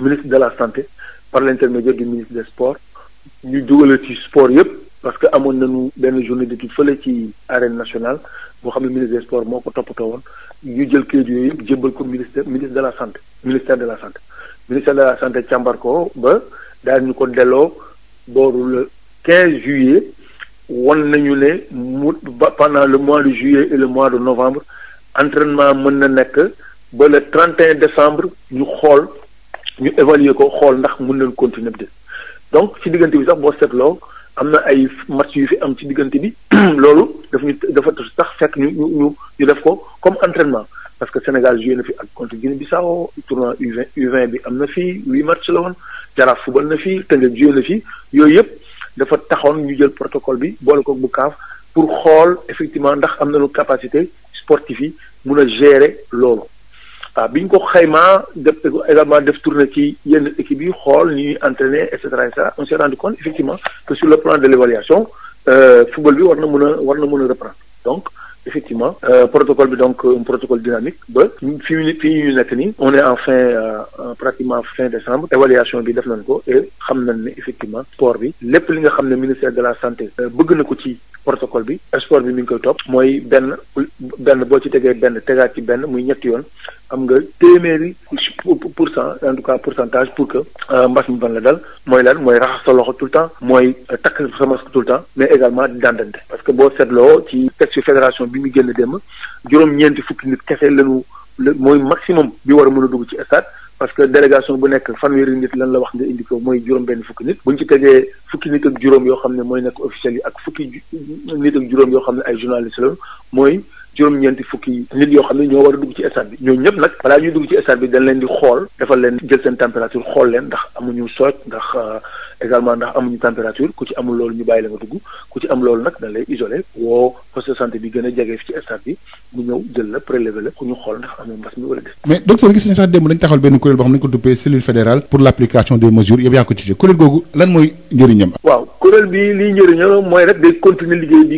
ministre de la santé par l'intermédiaire du ministre des sport ñu dugalal ci sport yëpp. parce que amoon nañu benn journée d'étude fële ci arène nationale boo xam ne ministre des sports moo ko toppatoo woon ñu jël kayit yooyu yëpp jébbal ko ministère ministre de la santé ministère de la santé ministère de la santé ba daal ñu ko delloo booru le juillet won nañu ne mu ba pendant le mois de juillet et le mois de novembre entraînement mën na nekk ba le 31 décembre ñu xool ñu évaluer ko xool ndax mën nañ continuer bi donc ci diggante bi sax boo seetloo am na ay match yu fi am ci diggante bi [clears throat] loolu daf ñu dafa tax fekk ñu ñu ñu def ko comme entraînement parce que Sénégal joué na fi ak contre Guinée-Bissau tournoi U20 U20 bi am na fi huit match la woon Jaraaf fubal na fii Teungueth joué na fii yooyu yëpp dafa taxoon ñu jël protocole bi boole ko bu kaaf pour xool effectivement ndax am na lu capacité sportive yi mun a gérer loolu. waaw bi ñu ko xaymaa def également def tournée ci yenn équipe yi xool ni ñuy entraîner et cetera et cetera on s'est rendu compte effectivement que sur le plan de l'évaluation euh, football bi war na mën a war na mën a reprendre donc effectivement euh, protocole bi donc un protocole dynamique ba fi ñu fi ñu nekk nii on est en fin euh, pratiquement fin décembre évaluation bi def nañ ko et xam nañ ne effectivement sport bi lépp li nga xam ne ministère de la santé bëgg na ko ci protocole bi sport bi mi ngi koy topp mooy benn benn boo ci tegee benn tegaat ci benn muy ñett yoon am nga téeméeri pour cent en tout cas pour centage pour que euh, mbas mi ban la dal mooy lan mooy raxas sa loxo tout le temps mooy euh, takk sa masque tout le temps mais également di dandante parce que boo seetloo ci texte fédération bi mu génn démb juróom-ñeenti fukki nit kese lañu mooy maximum bi war a mun a dugg ci stade parce que délégation bu nekk fanweeri nit lan la wax nga indi ko mooy juróom benn fukki nit buñ ci tegee fukki nit ak juróom yoo xam ne mooy nekk officiels yi ak fukki nit ak juróom yoo xam ne ay journalistes la mooy juróom-ñeenti fukki nit yoo xam ne ñoo war a dugg ci stade bi ñooñu ñëpp nag balaa ñuy dugg ci stade bi dañ leen di xool defal leen jël seen température xool leen ndax amuñu sooj ndax euh, également ndax amuñu température ku ci amul loolu ñu bàyyi la nga dugg ku ci am loolu nag dañ lay isolé woo poste de santé bi gën a jege ci stade bi mu ñëw jël la prélevé la ku ñu xool ndax amoo mbas mi wala def mais docteur gis nañ sax démb dañ taxawal benn kuréel boo l' mooy njëriñam waaw kuréel bi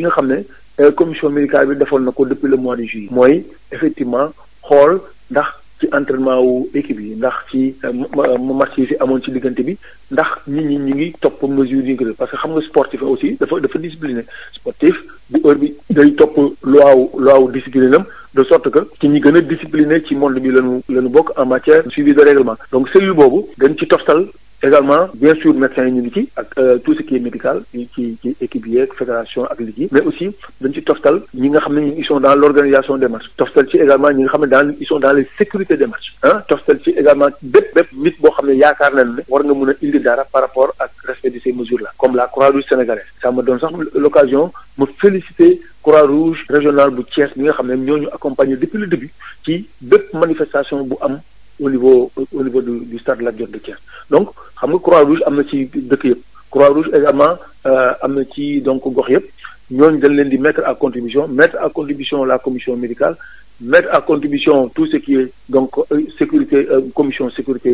nga xam ne Euh, commission médicale bi defoon na ko depuis le mois de juillet. mooy effectivement xool ndax ci entraînement wu équipe yi ndax ci euh, euh, match yi si amoon ci diggante bi ndax nit ñi ñu ngi topp mesure yi gën parce que xam nga sportif aussi dafa dafa discipliné sportif bu heure bi day topp loi wu loi wu discipline am de sorte que ci ñi gën a discipliné ci monde bi lañu lañu bokk en matière suivi de règlement donc cellule boobu dañ ci toftal également bien sûr médecins yi ngi ci ak euh, tout ce qui est médical ci ci ci équipe yeeg fédération ak ligue mais aussi dañ ci toftal ñi nga xam ne ils sont dans l'organisation des matchs toftal ci également ñi nga xam ne dans ils sont dans les sécurités des matchs ah toftal ci également bépp bépp nit boo xam ne yaakaar nañ ne war nga mun a indi dara par rapport ak respect de ces mesures là comme la Croix-Rouge sénégalaise ça me donne sax l'occasion ma féliciter bu Thiès bi nga xam ne ñoo ñu accompagné depuis le début ci bépp manifestation bu am au niveau au niveau du du stade Lat Dior de Thiès donc xam nga Croix-Rouge am na ci dëkk yëpp Croix-Rouge également euh, am na ci donc gox yëpp ñooñu dañ leen di mettre à contribution mettre à contribution la commission médicale mettre à contribution tout ce qui est donc euh, sécurité euh, commission sécurité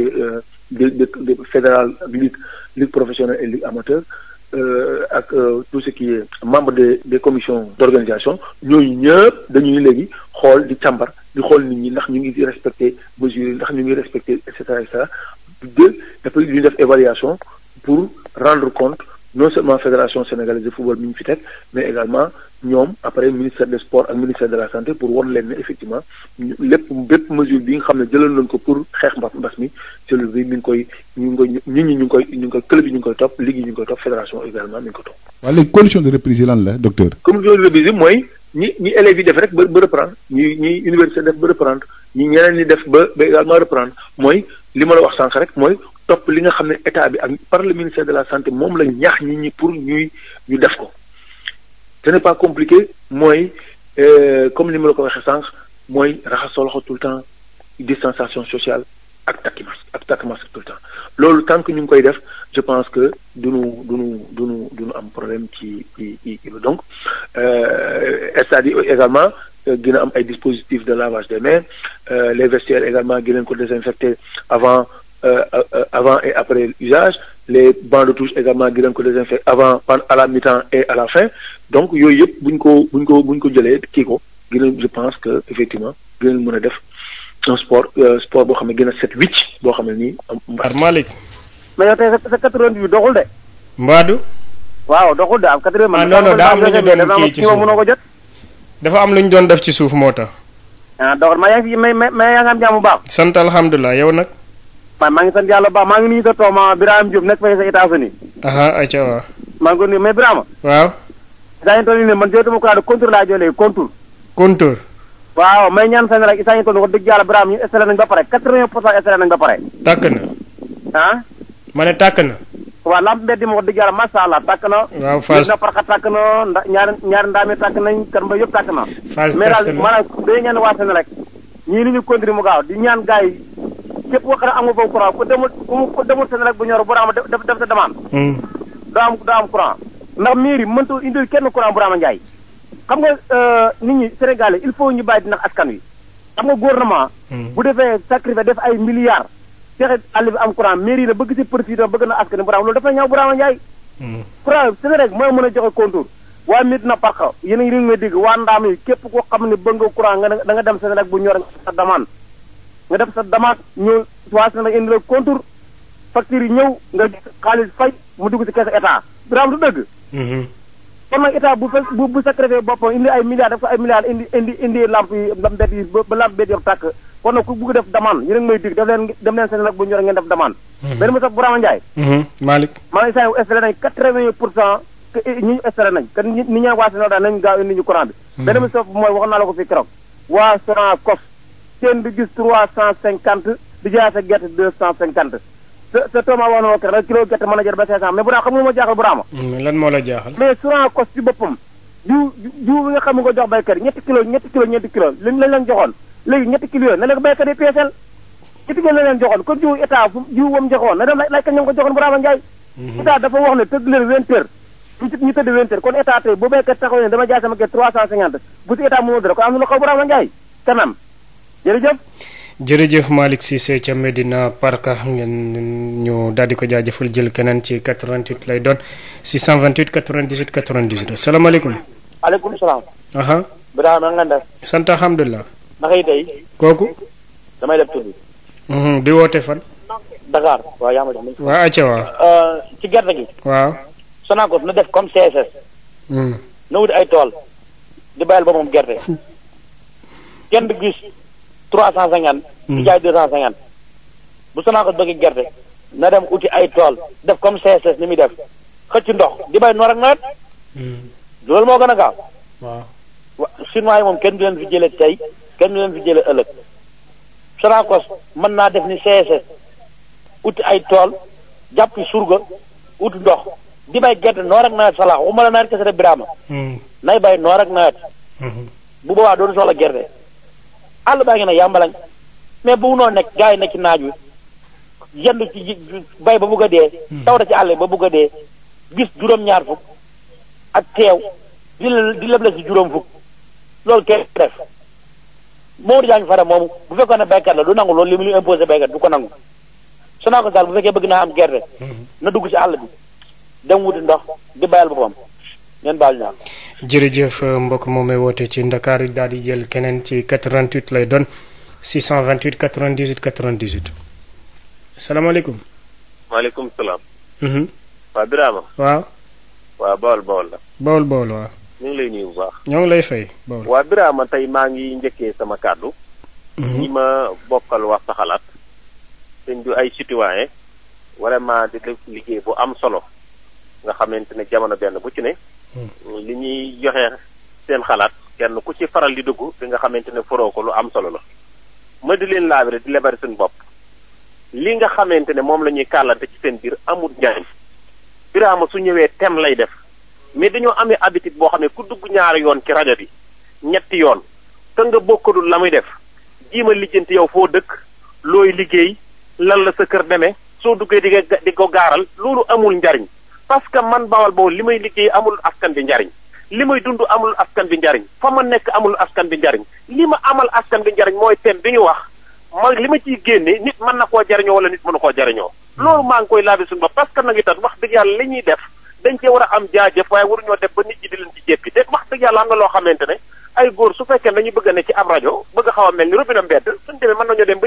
de de fédérale ligue ligue professionnelle et ligue amateur Euh, ak euh, tout ce qui est membre des des commissions d'organisation ñuy ñëpp dañuy léegi xool di càmbar di xool nit ñi ndax ñu ngi respecté mesures yi ndax ñu ngi respecté et cetera et cetera deux dafay ñu def évaluation pour rendre compte non seulement fédération sénégalaise de football mi ñu fi teg mais également ñoom après ministère des sports ak ministère de la santé pour wan leen ne effectivement lépp bépp mesure bi nga xam ne jëlal nañ ko pour xeex mbas mi cellule bi mi koy ñu ñi ñu ngi koy ñu ngi koy club yi ñu koy topp ligue ñu koy topp fédération également mi ko topp. waaw léegi condition de reprise yi lan la docteur. condition de reprise yi mooy ñi ñi élèves yi def rek ba ba reprendre ñi ñi li ma la wax sànq rek mooy topp li nga xam ne état bi ak par le ministère de la santé moom la ñaax nit ñi pour ñuy ñu def ko ce n'est pas compliqué mooy euh, comme ni ma la ko waxee sànq mooy raxasoo tout le temps distanciation sociale ak takki masque ak takki masque tout le temps loolu tant que ñu ngi koy def je pense que duñu duñu duñu duñu am problème ci ci ci donc euh, c'est-à-dire également euh, dina am ay dispositifs de lavage des mains les vestiaires également gi leen ko désinfecté avant. Euh, euh, euh, avant et après usage les bancs de touche également di leen ko désinfecté avant à la mi et à la fin donc yooyu yëpp bu ko bu ñu ko bu ñu ko jëlee kii ko gën je pense que effectivement gën mën a def un sport boo xam ne gën a set wicc boo xam ne nii. Ar Malick. mais yow tey sa 88 doxul de. Mbadou. waaw doxul de am 80. ah non non daa am lu ñu doon am lu ñu doon def ci suuf moo tax. ah doxul ma yaa ngi ma yaa ngi am jàmm bu baax. sant alhamdulilah yow nag. maa ngi sant yàlla baax maa ngi nuyu sa toog ma Birame Diop nekk fay sa États-Unis ayca waaw maa ngi ko nuyu mais Birama waaw saa ñu toll nii ne man jotuma ko daal contour laa jëlee contour contour waaw may a seen rek saa ñu toll nii wax dëgg ma ne tàkk na ma wax dëgg yàlla mu gaaw di ñaan gars ñëpp wax na amul foofu courant ku demul ku demul seen rek bu ñor bu raama def def sa demande. doo am hmm. doo am courant. ndax mairie mënta indil kenn courant bu raama njaay xam nga euh, nit ñi Sénégalais il faut ñu bàyyi di nax askan wi xam nga gouvernement. Hmm. bu defee sacrifice def ay milliards. fexe àll bi am courant mairie na bëgg si profit bëgg na askan wi bu raama loolu dafa ñaaw bu raama njaay. Hmm. courant seen rek mooy mën a joxe contour. waa mit na park yéen a ngi leen dégg waa ndaam yi képp koo xam ne bëgg nga courant nga da nga dem seen rek bu ñor sa demande. nga def sa demande ñu waas na la indi la contour facture yi ñëw nga xaalis fay mu dugg ci keesu état biraam du dëgg mhm. kon nag état bu fekk bu bu sacrifié indi ay milliards def ko ay milliards indi indi lamp yi mbedd a ngi may bu ñor ngeen def demande mhm. benn mo mhm. pour cent eh, ñu estalé nañ ni ñaa waa Sénégal daal nañ gaaw indi ñu courant bi benn mo mooy waxoon naa la ko fii keroog waa Sonacos teen bi gis trois cent cinquante di jaay sa gerte deux cent cinquante te te Thomas wax na ma keroog kilo gerte mën na jar ba cinq cent mais bu raa mm, xam nga ma mm-hmm. bu jaaxal. mais Njaay kanam jërëjëf. jërëjëf Malick Cissé ca Medina Park ngeen ñu daal di ko jaajëfal jël keneen ci 88 lay doon 628 98 98 asalaamaaleykum. maaleykum salaam. Birame na nga def. sant alhamdulilah. naka yi tey. kooku. damay def tudd. Mhm, di woote fan. Dakar waaw yaa ma jox. waaw acca waaw. Euh, ci gerte gi. waaw. Sonacos na def comme CSS. Mhm. na wut ay tool. di bayal boppam gerte. [laughs] kenn du gis. trois cent cinquante. Hmm. di jaay deux cent bu Sonacos bëgg gerte na dem uti ay tool def comme CSS ni muy def xëcc ndox di bay noor ak nawet. Hmm. loolu moo gën a gaaw. waaw wa chinois yi moom kenn du leen fi jëlee tey kenn du leen fi jëlee ëllëg. Sonacos mën naa def ni CSS uti ay tool jàpp surga uti ndox di bay gerte noor ak nawet salaax waxuma la nawet kese de biraama. Hmm. nay bay noor ak nawet. bu boobaa doon soxla gerte. àll baa ngi ne yàmbalañ mais bu noonu nekk gars yi nekk ci naaj wi yendu ci bay ba bugg a dee. Hmm. tawta ci àll ba bugg a dee gis juróom-ñaar fukk ak teew di di leble si juróom fukk loolu kenn def Maodo Diagne Fada moomu bu fekkoon ne baykat la du nangu loolu li mu imposé baykat du ko nangu su naa ko daal bu fekkee bëgg naa am gerte. Hmm. na dugg ci àll bi dem wuti ndox di bayal boppam. ngeen baal ñaan jërëjëf mbokk moom moomee woote ci Ndakaaru daal di jël keneen ci 88 lay doon 628 98 98. salaamaaleykum. maaleykum salaam. Mhm. waa Birama. waaw. waa Bawol Bawol la. Bawol Bawol waaw. ñu lay nuyu bu baax. ñoo ngi lay fay Bawol. waa Birama tey maa ngi njëkkee sama kàddu. Mhm. ñi ma bokkal wax sa xalaat. seen du ay citoyen vraiment di liggéey bu am solo. nga xamante ne jamono benn bu ci ne. Mm. li ñuy joxe seen xalaat kenn ku ci faral di dugg di nga xamante ne foroo ko lu am solo la ma di leen laabire di lebari seen bopp li nga xamante ne moom la ñuy kàllante ci seen biir amul njariñ Birama su ñëwee tem lay def mais dañoo amee habitude boo xam ne ku dugg ñaari yoon ci rajo bi ñetti yoon te nga bokkadul la muy def jiima lijjanti yow foo dëkk looy liggéey lan la sa kër demee soo duggee di di ko gaaral loolu amul njariñ parce que man bawal boobu li may liggéey amul askan bi njariñ li may dund amul askan bi njariñ fa ma nekk amul askan bi njariñ li ma amal askan bi njariñ mooy thème bi ñu wax mooy li ma ciy génnee nit mën na koo jariñoo wala nit mënu koo jariñoo loolu maa ngi koy laabi suñu bopp parce que nag itam wax dëgg yàlla li ñuy def dañ cee war a am jaajëf waaye waruñoo def ba nit ñi di leen ci jéppi te wax dëgg yàlla am na loo xamante ne ay góor su fekkee dañu bëgg a rajo bëgg a a mel ni robina mbedd suñu demee mën nañoo dem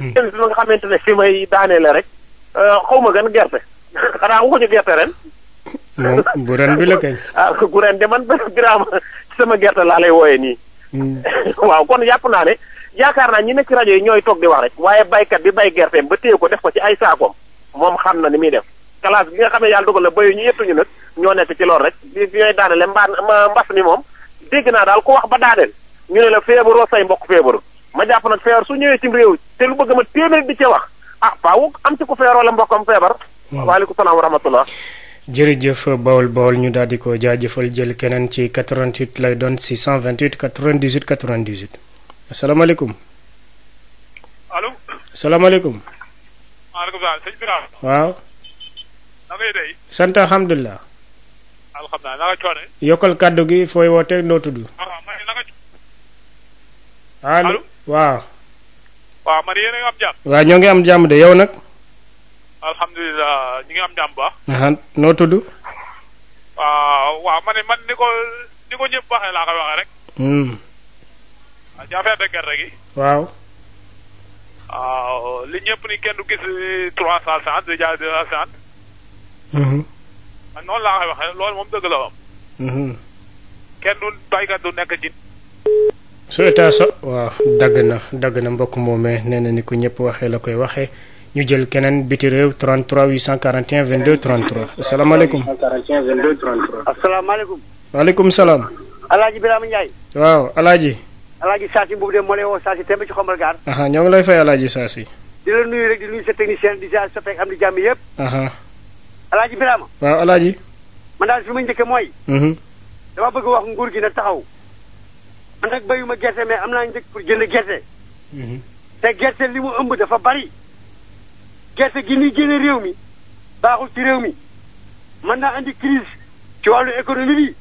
hmm. xamante ne fi may daanee la rek Euh, xaw ma gën gerte [laughs] xanaa waxuñu gerte ren. moom bu ren bi la kay. [laughs] ah bu ren de man Birama [laughs] ci sama gerte laa lay wooyee nii. Hmm. waaw kon yàpp naa ne yaakaar naa ñi nekk rajo yi ñooy toog di wax rek. waaye baykat bi bay gerteem ba téye ko def ko ci ay saakoom moom xam na ni muy def. classe bi nga xam ne yàlla dogal na béyu ñu yëttuñu nag ñoo nekk ci loolu rek di ñooy daanele ma mbas mi moom dégg naa daal ku wax ba daaneel ñu ne la feebaroo say mbokk feebaru ma jàpp nag feebar su ñëwee ci réew te lu bëgg ma téeméer di ci wax. ah faaw am ci ku feer wala mbokkam feebar. Hmm. waaleykum salaam wa rahmatullah. jërëjëf bawol bawol ñu daal di ko jaajëfal jël keneen ci 88 lay doon 628 98 98. asalaamaaleykum. allo. asalaamaaleykum. maaleykum salaam sëñ Birame. waaw. na alhamdulilah. yokkal kàddu gi fooy wootee noo tudd. Ah, waaw waaw. baax man yéen a ngi am jàmm. waaw ñoo ngi am jàmm de yow nag. alhamdulilah ñu ngi am jàmm baax. noo tudd. waaw waaw man man ni ko ni ko ñëpp waxee laa koy waxee rek. Hmm. ah jaafee de gerte gi. waaw. waaw li ñëpp ni kenn du gis eh, trois cent cent deux cent. Hmm. noonu laa koy waxee loolu moom dëgg la am. Hmm. kenn du baykat du nekk ji. su état so waaw dagg na dagg na mbokk moomee nee na ni ko ñëpp waxee la koy waxee ñu jël keneen biti réew 33 841 22 33 asalaamaaleykum. 841 22 33. asalaamaaleykum. waaleykum salaam. El Hadj Birame Ndiaye. waaw El Hadj. El Hadj Saasi boobu de moo lay woo Saasi temb ci xombal gaar. ñoo ngi lay fay El Hadj Saasi. di la nuyu rek di nuyu sa technicien di sa soppeek am di jàmm yëpp. El Hadj Birame. waaw El Hadj. man daal fi ma njëkkee mooy. Mhm. dama bëgg wax nguur gi na taxaw. man nag béyuma gerte mais am naa njëg pour jënd gerte. Mhm. te gerte li mu ëmb dafa bari. gerte gi ni génne réew mi baaxul ci réew mi mën naa indi crise ci wàllu économie bi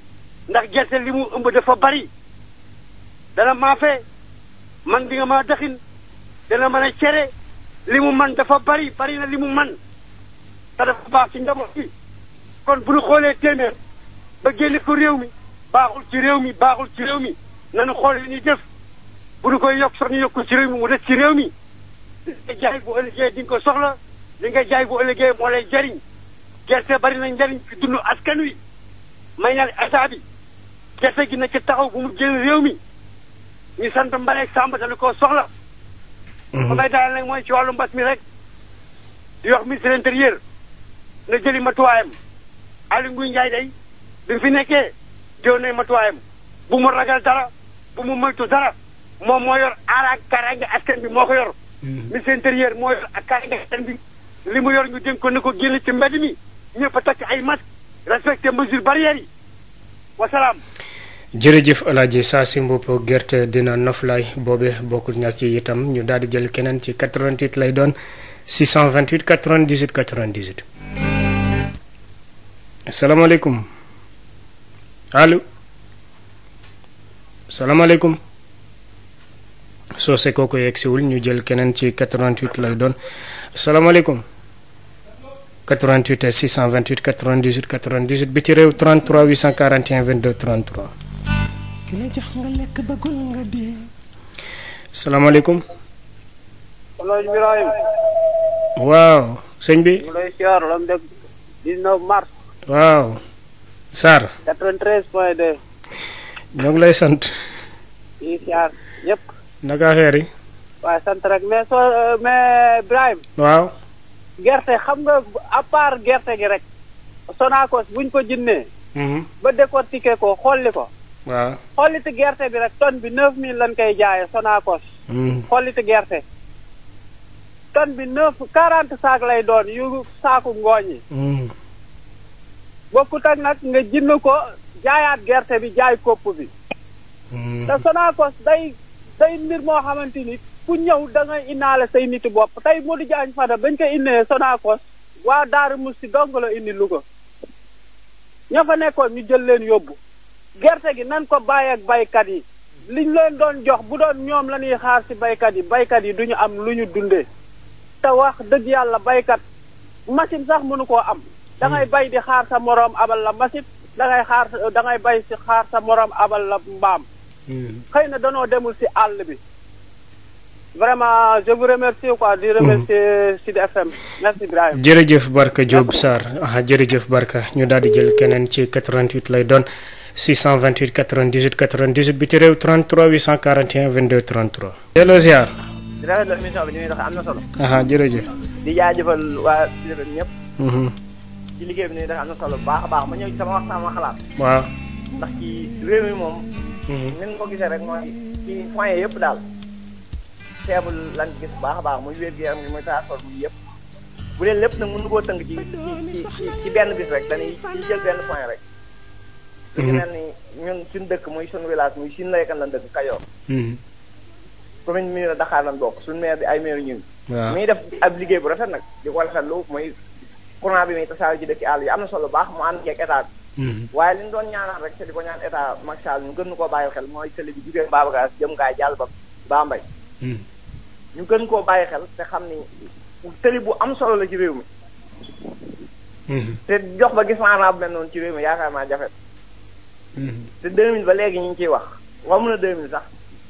ndax gerte li mu ëmb dafa bari. dana maafe man di nga maa daxin dana mën a cere li mu man dafa bari bari na li mu man te dafa baax ci njaboot bi kon bu ñu xoolee téeméer ba génne ko réew mi baaxul ci réew mi baaxul ci réew mi nañu xool li ñuy jëf bu ñu koy yokk sax ñu yokk ci réew mi ci réew mi li nga jaay bu ëllëgee di ko soxla li nga jaay bu ëllëgee moo lay jariñ gerte bari nañ njariñ ci dund askan wi may naan état gerte gi na ci taxaw bu mu génn réew mi ñu sant Mbaye Samb dañu koo soxla. Mhm. ba ngay daal nag mooy ci wàllu mbas mi rek di wax ministre intérieur na jëli matuwaayam Aly Ngouille Ndiaye day bi fi nekke jëw na matuwaayam bu mu ragal dara. bu mu moytu dara moom mooy yor aaraag kaaraange askan bi moo ko yor. Mm-hmm. ministre intérieur moo yor ak kaaraange askan bi li mu yor ñu dénk ko ne ko génn ci mbedd mi ñëpp takk ay masque respecté mesures barrières yi wasalaam. jërëjëf alaaji saa si mbopp gerte dina noflaay boobe bokkul ñaar ci itam ñu daal di jël keneen ci 88 lay doon 628 98 98. asalaamaaleykum allo. salaamaaleykum soo se kooku yegg siwul ñu jël keneen ci 88 lay doon salaamaaleykum 88 628 98 98 biti réew 33 841 22 33. ki la jox nga lekk bëggul nga dee. salaamaaleykum. Alaaji waaw sëñ bi. mu lay siyaar la mu def 19 mars. waaw. Sarr. ñoo ngi lay sant. di siyaar ñëpp. naka yi. waaw sant rek mais soo euh, mais Ibrahima. waaw. gerte xam nga à part gerte gi rek. Sonacos buñ ko jëndee. Mhm. ba décortiquer ko xolli ko. waaw xolliti gerte bi rek tonne bi 9000 lañ koy jaay Sonacos. Mhm. xolliti gerte. ton bi 9 40 saak lay doon yu saaku ngooñ mhm. bokkut ak nag nga jënd ko. jaayaat gerte bi jaay kopp bi. Hmm. te Sonacos day day mbir moo xamante ni ku ñëw dangay ngay indaale say niti bopp tey Modou jaañ Fada bañ koy indee Sonacos waa Darou Mousty dong la indi Louga ña fa nekkoon ñu jël leen yóbbu gerte gi nan ko bàyyi ak baykat yi liñ leen doon jox bu doon ñoom la ñuy xaar ci baykat yi baykat yi duñu am lu ñu dundee te wax dëgg yàlla baykat machine sax mënu koo am. dangay hmm. bay di xaar sa moroom abal la machine. dangay xaar dangay bay si xaar sa morom abal la mbaam. Hmm. xëy na danoo demul si àll bi. vraiment je vous remercie quoi di hmm. remercier Sud jërëjëf Barka Diop Sarr ah jërëjëf Barka ñu daal di jël keneen ci 88 lay doon 628 98 98 bi ci réew 33 841 22 33. delloo ziar. di rafetlu émission bi ni muy doxee am na ci liggéey bi nii dafa am na solo bu baax a baax ma ñëw ci sama wax xalaat. ndax ci réew moom. Mhm. ni ko gisee rek mooy ci point yëpp daal. feebul lan gis bu baax a baax muy wér gu yaram gi muy transport bi yëpp. bu dee lépp nag mënu koo tënk ci ci ci benn bis rek dañuy jël benn point rek. su mhm. ñu mel ni ñun sun dëkk muy suñu village muy suñu laykan lan dëkk Kajoor. Mhm. commune Mbir Daxaar lan bokk suñu maire bi ay maire ñun. waaw muy def ab liggéey bu rafet nag di ko rafetlu muy courant bi muy tasaare ci dëkk àll yi am na solo baax mu ànd ceeg état bi. Mhm. waaye li ñu doon ñaanal rek te di ko ñaan état Macky Sall ñu gën koo bàyyi xel mooy télé bi jugee Babacar jëm kaay jàll ba Bambey. Mhm. ñu gën koo bàyyi xel te xam ni télé bu am solo la ci réew mi. Mhm. te jox ba gis maanaam bu mel noonu ci réew mi yaakaar naa jafe. te 2000 ba léegi ñu ngi ciy wax. waaw mën na 2000 sax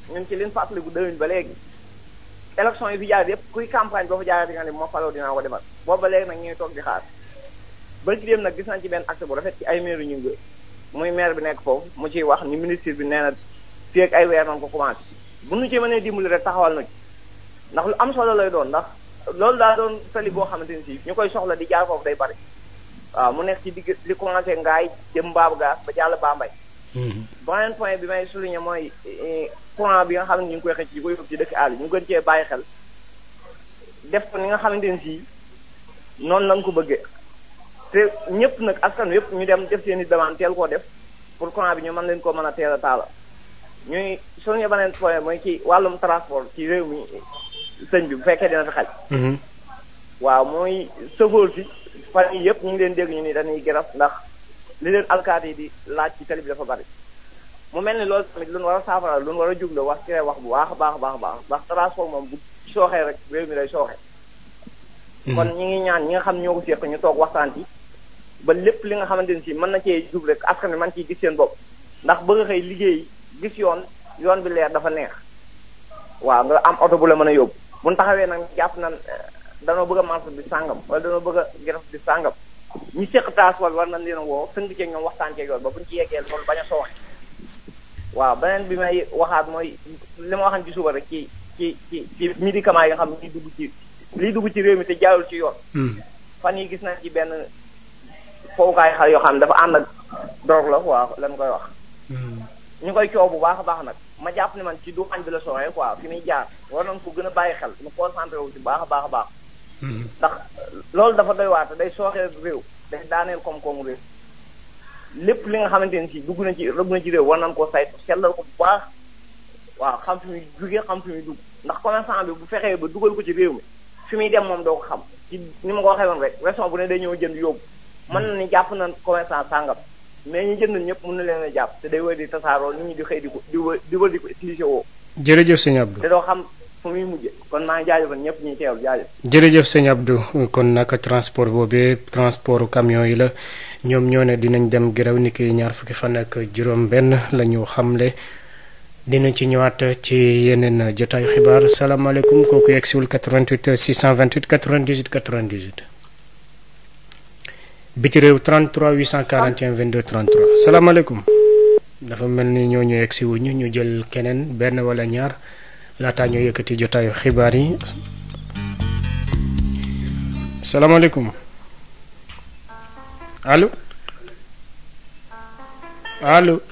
ñu ñun ci liñ fàttaliku 2000 ba léegi. élection yi fi jaar yëpp kuy campagne boo fa jaaree di nga ne moo faloo dinaa ko defal boobu ba nag ñu toog di xaar ba ci dem nag gis nañ ci benn acte bu rafet ay maire ñu ngi muy maire bi nekk foofu mu ciy wax ni ministre bi nee na fii ay weer nañ ko commencé bu nu ci mënee dimbali rek taxawal na ci ndax lu am solo lay doon ndax loolu daa doon tali boo xamante ni si ñu koy soxla di jaar foofu day bari waaw mu nekk ci digg li commencé ngaay jëm mbaab gaas ba jàll Bambey mhm. beneen point mooy eh, eh, courant bi nga xam ne ñu ngi koy xëcc di ko yóbbu ci dëkk àll ñu gën cee bàyyi xel ni nga xamante ne sii noonu lañ ko bëggee ñëpp nag askan yëpp ñu dem def seen i demande teel koo def pour courant bi ñu man leen koo mën a teel a taala ñuy suñu beneen point mooy ci wàllum transport ci réew mi sëñ bi bu fekkee dina fi xaj. Mm-hmm. waaw mooy sëfool si fan yii yëpp ñu ngi leen dégg ñu ni dañuy geraf ndax li leen alkaati yi di laaj ci tali bi dafa bari. mu mel ni loolu tamit lu war a saafara lu war a jublu wax ci wax bu baax a baax baax baax ndax moom bu sooxee rek réew mi lay sooxe. Hmm. kon ñi ngi ñaan ñi nga xam ñoo ko seq ñu toog waxtaan ci ba lépp li nga xamante ni si mën na cee jub rek askan wi mën ciy gis seen bopp ndax bëgg a xëy liggéey gis yoon yoon bi leer dafa neex waaw nga am oto bu la mën a yóbbu mu ñu taxawee nag jàpp na eh, danoo bëgg a marché bi sàngam wala danoo bëgg a gerte bi sàngam ñu seq taas wala war nañ leen a ba bu ñu ci waaw beneen bi may waxaat mooy li ma waxan ci suba rek ci ci ci ci médicament yi nga xam ni dugg ci liy dugg ci réew mi te jaarul ci yoon. Hmm. fan yi gis nañ ci benn fowukaay xale yoo xam ne dafa ànd ak drogue la waaw lan koy wax. Hmm. ñu koy coow bu baax a baax nag ma jàpp ne man ci duxaan bi la soxee quoi fi muy jaar war nañ ko gën a bàyyi xel mu concentré wu ci baax a baax a baax. Hmm. ndax loolu dafa doy waat day sooxee réew day daaneel koom-koomu réew. lépp li nga xamante ni si dugg na ci dugg na ci réew war nañ koo saytu sellal ko bu baax waaw xam fi muy jugee xam fi muy dugg ndax commerçant bi bu fexee ba dugal ko ci réew mi fi muy dem moom doo ko xam ni ma ko waxee woon rek région bu ne day ñëw jënd yóbbu mën na ni jàpp na commerçant sàngam mais ñu jënd ñëpp mën na leen jàpp te day wër di tasaaroo nit ñi di xëy di ko di wër di wër ko utilisé woo. jërëjëf sëñ Abdou. te doo xam fu muy mujjee kon maa ngi jaajëfal ñëpp ñuy teewlu jaajëf. jërëjëf sëñ Abdou kon nag transport boobee transport camion yi la ñoom ñoo ne dinañ dem grève niki ñaar fukki fan ak juróom-benn la ñu xamle dina ci ñëwaat ci yeneen jotaayu xibaar salaamaaleykum kooku yegg siwul 88 628 98 98. biti réew 33 841 22 33 salaamaaleykum. dafa mel ni ñooñu yegg si wuñu ñu jël keneen benn wala ñaar laataa ñoo yëkkati jotaayu xibaar yi. salaamaaleykum. allo allo